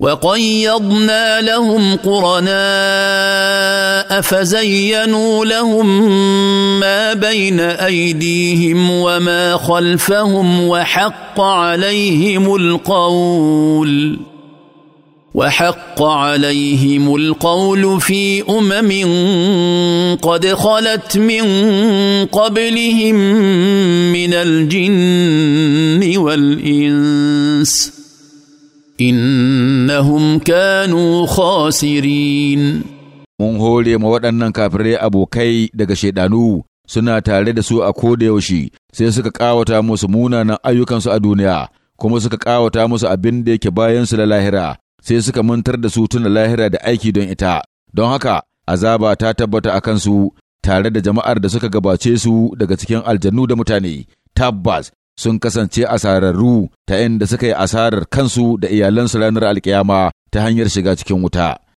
وقيضنا لهم قرناء فزينوا لهم ما بين ايديهم وما خلفهم وحق عليهم القول وحق عليهم القول في امم قد خلت من قبلهم من الجن والانس إن انهم كانوا خاسرين mun hore ma waɗannan kafirai abokai daga shaidanu suna tare da su a kodayaushe sai suka ƙawata musu munanan ayyukansu a duniya kuma suka ƙawata musu abin da yake bayansu da lahira sai suka mantar da su tuna lahira da aiki don ita don haka azaba ta tabbata a kansu tare da jama'ar da suka gabace su daga cikin aljannu da mutane tabbas sun kasance asararru ta inda suka yi asarar kansu da iyalansu ranar alkiyama ta hanyar shiga cikin wuta.